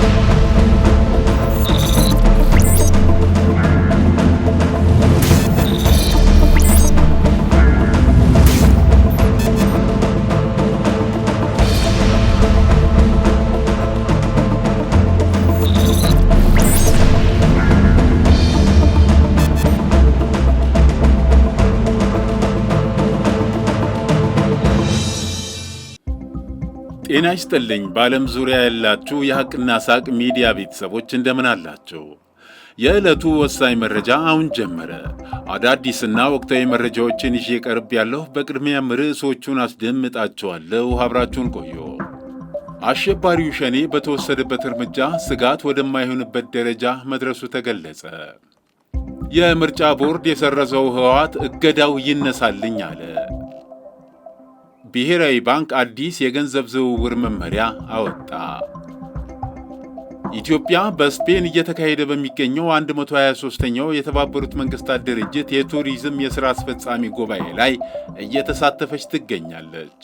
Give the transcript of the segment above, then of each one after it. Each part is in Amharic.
Thank you. ጤና ይስጥልኝ በዓለም ዙሪያ ያላችሁ የሐቅና ሳቅ ሚዲያ ቤተሰቦች እንደምን አላችሁ? የዕለቱ ወሳኝ መረጃ አሁን ጀመረ። አዳዲስና ወቅታዊ መረጃዎችን ይዤ ቀርብ ያለሁ። በቅድሚያም ርዕሶቹን አስደምጣችኋለሁ። አብራችሁን ቆዩ። አሸባሪው ሸኔ በተወሰደበት እርምጃ ስጋት ወደማይሆንበት ደረጃ መድረሱ ተገለጸ። የምርጫ ቦርድ የሰረዘው ህወሓት እገዳው ይነሳልኝ አለ። ብሔራዊ ባንክ አዲስ የገንዘብ ዝውውር መመሪያ አወጣ። ኢትዮጵያ በስፔን እየተካሄደ በሚገኘው 123ኛው የተባበሩት መንግስታት ድርጅት የቱሪዝም የሥራ አስፈጻሚ ጉባኤ ላይ እየተሳተፈች ትገኛለች።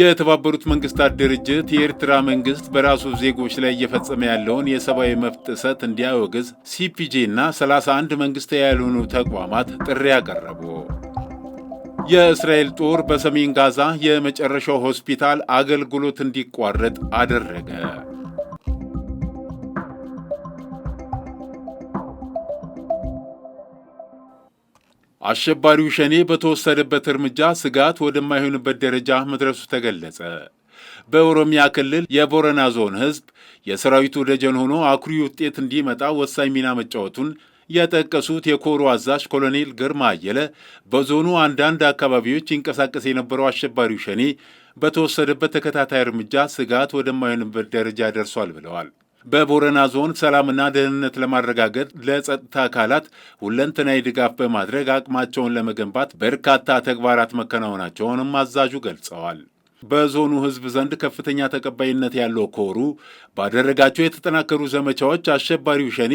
የተባበሩት መንግስታት ድርጅት የኤርትራ መንግስት በራሱ ዜጎች ላይ እየፈጸመ ያለውን የሰብአዊ መብት ጥሰት እንዲያወግዝ ሲፒጄ እና 31 መንግሥታዊ ያልሆኑ ተቋማት ጥሪ አቀረቡ። የእስራኤል ጦር በሰሜን ጋዛ የመጨረሻው ሆስፒታል አገልግሎት እንዲቋረጥ አደረገ። አሸባሪው ሸኔ በተወሰደበት እርምጃ ስጋት ወደማይሆንበት ደረጃ መድረሱ ተገለጸ። በኦሮሚያ ክልል የቦረና ዞን ህዝብ የሰራዊቱ ደጀን ሆኖ አኩሪ ውጤት እንዲመጣ ወሳኝ ሚና መጫወቱን የጠቀሱት የኮሩ አዛዥ ኮሎኔል ግርማ አየለ በዞኑ አንዳንድ አካባቢዎች ይንቀሳቀስ የነበረው አሸባሪው ሸኔ በተወሰደበት ተከታታይ እርምጃ ስጋት ወደማይሆንበት ደረጃ ደርሷል ብለዋል። በቦረና ዞን ሰላምና ደህንነት ለማረጋገጥ ለጸጥታ አካላት ሁለንተናዊ ድጋፍ በማድረግ አቅማቸውን ለመገንባት በርካታ ተግባራት መከናወናቸውንም አዛዡ ገልጸዋል። በዞኑ ህዝብ ዘንድ ከፍተኛ ተቀባይነት ያለው ኮሩ ባደረጋቸው የተጠናከሩ ዘመቻዎች አሸባሪው ሸኔ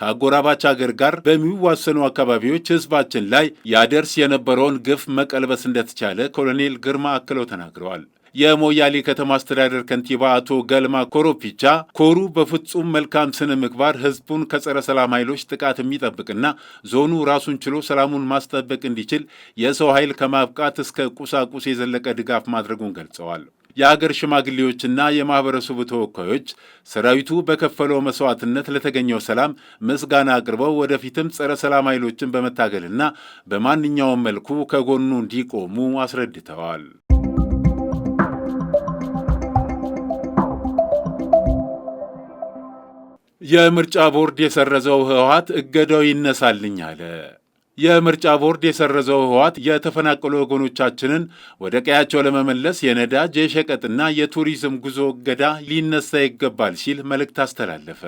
ከአጎራባች አገር ጋር በሚዋሰኑ አካባቢዎች ህዝባችን ላይ ያደርስ የነበረውን ግፍ መቀልበስ እንደተቻለ ኮሎኔል ግርማ አክለው ተናግረዋል። የሞያሌ ከተማ አስተዳደር ከንቲባ አቶ ገልማ ኮሮፒቻ ኮሩ በፍጹም መልካም ስነ ምግባር ህዝቡን ከጸረ ሰላም ኃይሎች ጥቃት የሚጠብቅና ዞኑ ራሱን ችሎ ሰላሙን ማስጠበቅ እንዲችል የሰው ኃይል ከማብቃት እስከ ቁሳቁስ የዘለቀ ድጋፍ ማድረጉን ገልጸዋል። የአገር ሽማግሌዎችና የማህበረሰቡ ተወካዮች ሰራዊቱ በከፈለው መስዋዕትነት ለተገኘው ሰላም ምስጋና አቅርበው ወደፊትም ጸረ ሰላም ኃይሎችን በመታገልና በማንኛውም መልኩ ከጎኑ እንዲቆሙ አስረድተዋል። የምርጫ ቦርድ የሰረዘው ህወሀት እገዳው ይነሳልኝ አለ። የምርጫ ቦርድ የሰረዘው ህወሀት የተፈናቀሉ ወገኖቻችንን ወደ ቀያቸው ለመመለስ የነዳጅ የሸቀጥና የቱሪዝም ጉዞ እገዳ ሊነሳ ይገባል ሲል መልእክት አስተላለፈ።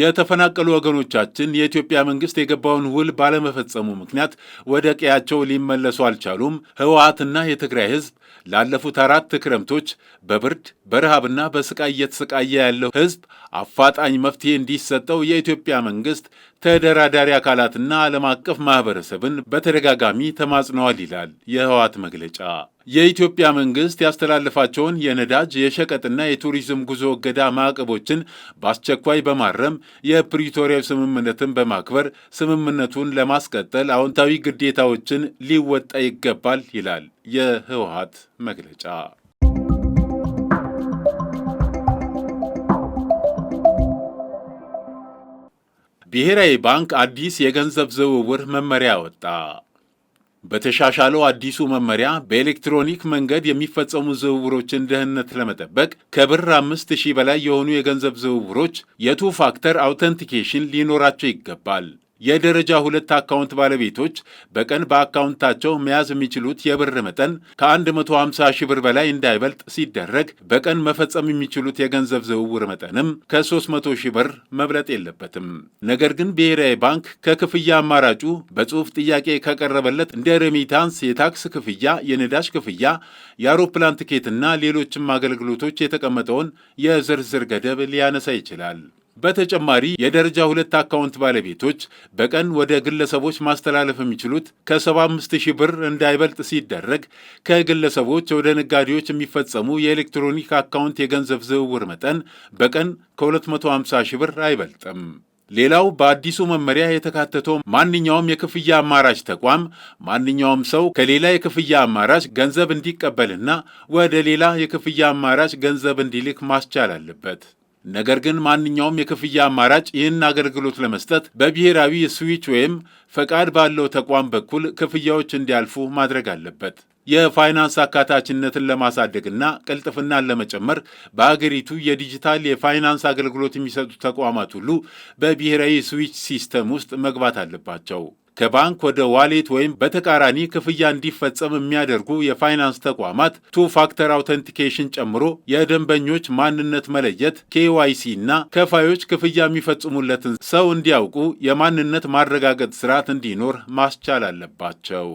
የተፈናቀሉ ወገኖቻችን የኢትዮጵያ መንግስት የገባውን ውል ባለመፈጸሙ ምክንያት ወደ ቀያቸው ሊመለሱ አልቻሉም። ህወሓትና የትግራይ ህዝብ ላለፉት አራት ክረምቶች በብርድ በረሃብና በስቃይ እየተሰቃየ ያለው ህዝብ አፋጣኝ መፍትሄ እንዲሰጠው የኢትዮጵያ መንግስት ተደራዳሪ አካላትና ዓለም አቀፍ ማኅበረሰብን በተደጋጋሚ ተማጽነዋል ይላል የህወሓት መግለጫ። የኢትዮጵያ መንግስት ያስተላለፋቸውን የነዳጅ የሸቀጥና የቱሪዝም ጉዞ እገዳ ማዕቀቦችን በአስቸኳይ በማረም የፕሪቶሪያው ስምምነትን በማክበር ስምምነቱን ለማስቀጠል አዎንታዊ ግዴታዎችን ሊወጣ ይገባል ይላል የህወሀት መግለጫ። ብሔራዊ ባንክ አዲስ የገንዘብ ዝውውር መመሪያ ወጣ። በተሻሻለው አዲሱ መመሪያ በኤሌክትሮኒክ መንገድ የሚፈጸሙ ዝውውሮችን ደህንነት ለመጠበቅ ከብር አምስት ሺህ በላይ የሆኑ የገንዘብ ዝውውሮች የቱ ፋክተር አውተንቲኬሽን ሊኖራቸው ይገባል። የደረጃ ሁለት አካውንት ባለቤቶች በቀን በአካውንታቸው መያዝ የሚችሉት የብር መጠን ከ150 ሺህ ብር በላይ እንዳይበልጥ ሲደረግ በቀን መፈጸም የሚችሉት የገንዘብ ዝውውር መጠንም ከ300 ሺህ ብር መብለጥ የለበትም። ነገር ግን ብሔራዊ ባንክ ከክፍያ አማራጩ በጽሑፍ ጥያቄ ከቀረበለት እንደ ሬሚታንስ፣ የታክስ ክፍያ፣ የነዳጅ ክፍያ፣ የአውሮፕላን ትኬትና ሌሎችም አገልግሎቶች የተቀመጠውን የዝርዝር ገደብ ሊያነሳ ይችላል። በተጨማሪ የደረጃ ሁለት አካውንት ባለቤቶች በቀን ወደ ግለሰቦች ማስተላለፍ የሚችሉት ከ75 ሺህ ብር እንዳይበልጥ ሲደረግ ከግለሰቦች ወደ ነጋዴዎች የሚፈጸሙ የኤሌክትሮኒክ አካውንት የገንዘብ ዝውውር መጠን በቀን ከ250 ሺህ ብር አይበልጥም። ሌላው በአዲሱ መመሪያ የተካተተው ማንኛውም የክፍያ አማራጭ ተቋም ማንኛውም ሰው ከሌላ የክፍያ አማራጭ ገንዘብ እንዲቀበልና ወደ ሌላ የክፍያ አማራጭ ገንዘብ እንዲልክ ማስቻል አለበት። ነገር ግን ማንኛውም የክፍያ አማራጭ ይህን አገልግሎት ለመስጠት በብሔራዊ የስዊች ወይም ፈቃድ ባለው ተቋም በኩል ክፍያዎች እንዲያልፉ ማድረግ አለበት። የፋይናንስ አካታችነትን ለማሳደግና ቅልጥፍናን ለመጨመር በአገሪቱ የዲጂታል የፋይናንስ አገልግሎት የሚሰጡ ተቋማት ሁሉ በብሔራዊ ስዊች ሲስተም ውስጥ መግባት አለባቸው። ከባንክ ወደ ዋሌት ወይም በተቃራኒ ክፍያ እንዲፈጸም የሚያደርጉ የፋይናንስ ተቋማት ቱ ፋክተር አውተንቲኬሽን ጨምሮ የደንበኞች ማንነት መለየት፣ ኬዋይሲ እና ከፋዮች ክፍያ የሚፈጽሙለትን ሰው እንዲያውቁ የማንነት ማረጋገጥ ስርዓት እንዲኖር ማስቻል አለባቸው።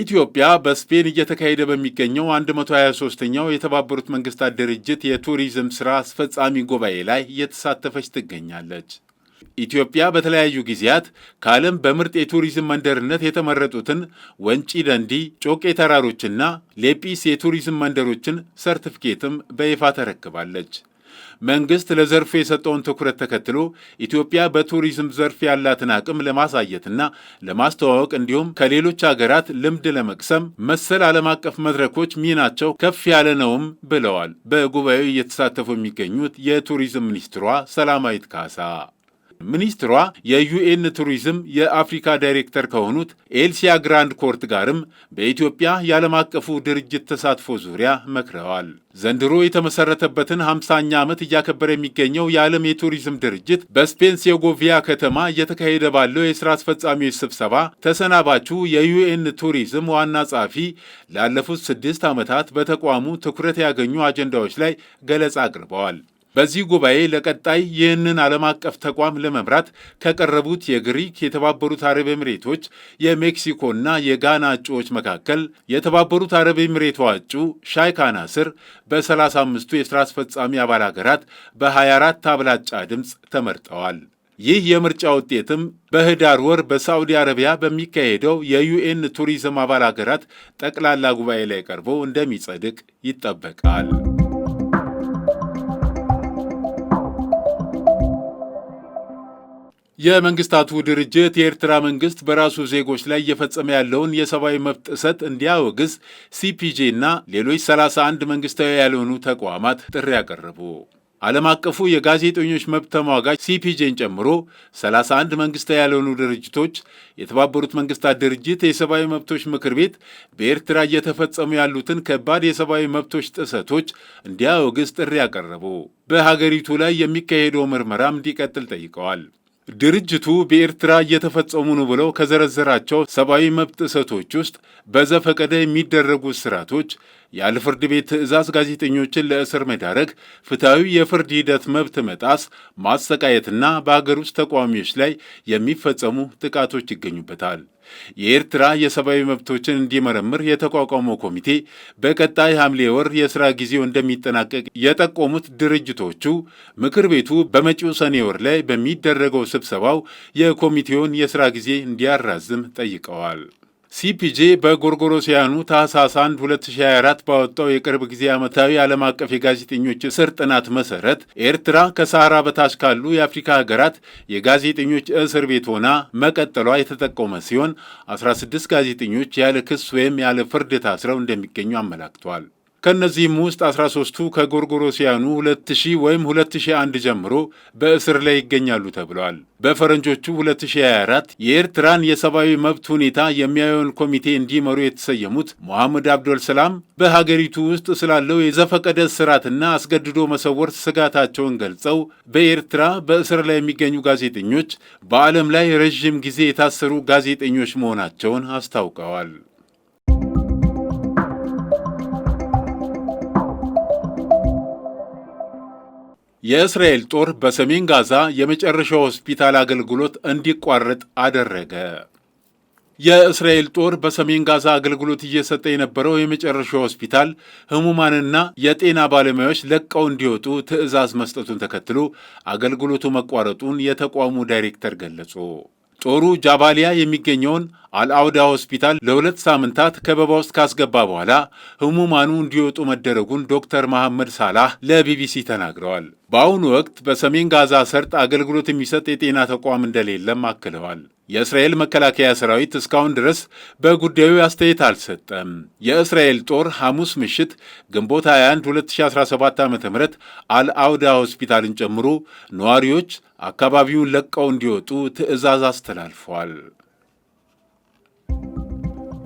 ኢትዮጵያ በስፔን እየተካሄደ በሚገኘው 123ኛው የተባበሩት መንግስታት ድርጅት የቱሪዝም ሥራ አስፈጻሚ ጉባኤ ላይ እየተሳተፈች ትገኛለች። ኢትዮጵያ በተለያዩ ጊዜያት ከዓለም በምርጥ የቱሪዝም መንደርነት የተመረጡትን ወንጪ ደንዲ፣ ጮቄ ተራሮችና ሌጲስ የቱሪዝም መንደሮችን ሰርቲፊኬትም በይፋ ተረክባለች። መንግስት ለዘርፉ የሰጠውን ትኩረት ተከትሎ ኢትዮጵያ በቱሪዝም ዘርፍ ያላትን አቅም ለማሳየትና ለማስተዋወቅ እንዲሁም ከሌሎች ሀገራት ልምድ ለመቅሰም መሰል ዓለም አቀፍ መድረኮች ሚናቸው ከፍ ያለ ነውም ብለዋል። በጉባኤው እየተሳተፉ የሚገኙት የቱሪዝም ሚኒስትሯ ሰላማዊት ካሳ ሚኒስትሯ የዩኤን ቱሪዝም የአፍሪካ ዳይሬክተር ከሆኑት ኤልሲያ ግራንድ ኮርት ጋርም በኢትዮጵያ የዓለም አቀፉ ድርጅት ተሳትፎ ዙሪያ መክረዋል። ዘንድሮ የተመሰረተበትን 50ኛ ዓመት እያከበረ የሚገኘው የዓለም የቱሪዝም ድርጅት በስፔን ሴጎቪያ ከተማ እየተካሄደ ባለው የሥራ አስፈጻሚዎች ስብሰባ ተሰናባቹ የዩኤን ቱሪዝም ዋና ጸሐፊ ላለፉት ስድስት ዓመታት በተቋሙ ትኩረት ያገኙ አጀንዳዎች ላይ ገለጻ አቅርበዋል። በዚህ ጉባኤ ለቀጣይ ይህንን ዓለም አቀፍ ተቋም ለመምራት ከቀረቡት የግሪክ፣ የተባበሩት አረብ ኤምሬቶች፣ የሜክሲኮና የጋና እጩዎች መካከል የተባበሩት አረብ ኤምሬቷ እጩ ሻይክ ስር በ35ቱ የሥራ አስፈጻሚ አባል ሀገራት በ24 አብላጫ ድምፅ ተመርጠዋል። ይህ የምርጫ ውጤትም በህዳር ወር በሳዑዲ አረቢያ በሚካሄደው የዩኤን ቱሪዝም አባል ሀገራት ጠቅላላ ጉባኤ ላይ ቀርቦ እንደሚጸድቅ ይጠበቃል። የመንግስታቱ ድርጅት የኤርትራ መንግስት በራሱ ዜጎች ላይ እየፈጸመ ያለውን የሰብአዊ መብት ጥሰት እንዲያወግዝ ሲፒጄ እና ሌሎች 31 መንግስታዊ ያልሆኑ ተቋማት ጥሪ አቀረቡ። ዓለም አቀፉ የጋዜጠኞች መብት ተሟጋች ሲፒጄን ጨምሮ 31 መንግስታዊ ያልሆኑ ድርጅቶች የተባበሩት መንግስታት ድርጅት የሰብአዊ መብቶች ምክር ቤት በኤርትራ እየተፈጸሙ ያሉትን ከባድ የሰብአዊ መብቶች ጥሰቶች እንዲያወግዝ ጥሪ ያቀረቡ፣ በሀገሪቱ ላይ የሚካሄደው ምርመራም እንዲቀጥል ጠይቀዋል። ድርጅቱ በኤርትራ እየተፈጸሙ ነው ብለው ከዘረዘራቸው ሰብአዊ መብት ጥሰቶች ውስጥ በዘፈቀደ የሚደረጉ ስርዓቶች ያለ ፍርድ ቤት ትዕዛዝ ጋዜጠኞችን ለእስር መዳረግ፣ ፍትሐዊ የፍርድ ሂደት መብት መጣስ፣ ማሰቃየትና በአገር ውስጥ ተቃዋሚዎች ላይ የሚፈጸሙ ጥቃቶች ይገኙበታል። የኤርትራ የሰብአዊ መብቶችን እንዲመረምር የተቋቋመው ኮሚቴ በቀጣይ ሐምሌ ወር የሥራ ጊዜው እንደሚጠናቀቅ የጠቆሙት ድርጅቶቹ ምክር ቤቱ በመጪው ሰኔ ወር ላይ በሚደረገው ስብሰባው የኮሚቴውን የሥራ ጊዜ እንዲያራዝም ጠይቀዋል። ሲፒጄ በጎርጎሮሲያኑ ታህሳስ 1 2024 ባወጣው የቅርብ ጊዜ ዓመታዊ ዓለም አቀፍ የጋዜጠኞች እስር ጥናት መሠረት ኤርትራ ከሳህራ በታች ካሉ የአፍሪካ ሀገራት የጋዜጠኞች እስር ቤት ሆና መቀጠሏ የተጠቆመ ሲሆን 16 ጋዜጠኞች ያለ ክስ ወይም ያለ ፍርድ ታስረው እንደሚገኙ አመላክተዋል። ከእነዚህም ውስጥ 13ቱ ከጎርጎሮሲያኑ 2000 ወይም 2001 ጀምሮ በእስር ላይ ይገኛሉ ተብለዋል። በፈረንጆቹ 2024 የኤርትራን የሰብአዊ መብት ሁኔታ የሚያየውን ኮሚቴ እንዲመሩ የተሰየሙት ሞሐመድ አብዶል ሰላም በሀገሪቱ ውስጥ ስላለው የዘፈቀደ እስራትና አስገድዶ መሰወር ስጋታቸውን ገልጸው በኤርትራ በእስር ላይ የሚገኙ ጋዜጠኞች በዓለም ላይ ረዥም ጊዜ የታሰሩ ጋዜጠኞች መሆናቸውን አስታውቀዋል። የእስራኤል ጦር በሰሜን ጋዛ የመጨረሻው ሆስፒታል አገልግሎት እንዲቋረጥ አደረገ። የእስራኤል ጦር በሰሜን ጋዛ አገልግሎት እየሰጠ የነበረው የመጨረሻው ሆስፒታል ህሙማንና የጤና ባለሙያዎች ለቀው እንዲወጡ ትዕዛዝ መስጠቱን ተከትሎ አገልግሎቱ መቋረጡን የተቋሙ ዳይሬክተር ገለጹ። ጦሩ ጃባሊያ የሚገኘውን አልአውዳ ሆስፒታል ለሁለት ሳምንታት ከበባ ውስጥ ካስገባ በኋላ ህሙማኑ እንዲወጡ መደረጉን ዶክተር መሐመድ ሳላህ ለቢቢሲ ተናግረዋል። በአሁኑ ወቅት በሰሜን ጋዛ ሰርጥ አገልግሎት የሚሰጥ የጤና ተቋም እንደሌለም አክለዋል። የእስራኤል መከላከያ ሰራዊት እስካሁን ድረስ በጉዳዩ አስተያየት አልሰጠም። የእስራኤል ጦር ሐሙስ ምሽት ግንቦት 21 2017 ዓ ም አልአውዳ ሆስፒታልን ጨምሮ ነዋሪዎች አካባቢውን ለቀው እንዲወጡ ትዕዛዝ አስተላልፏል።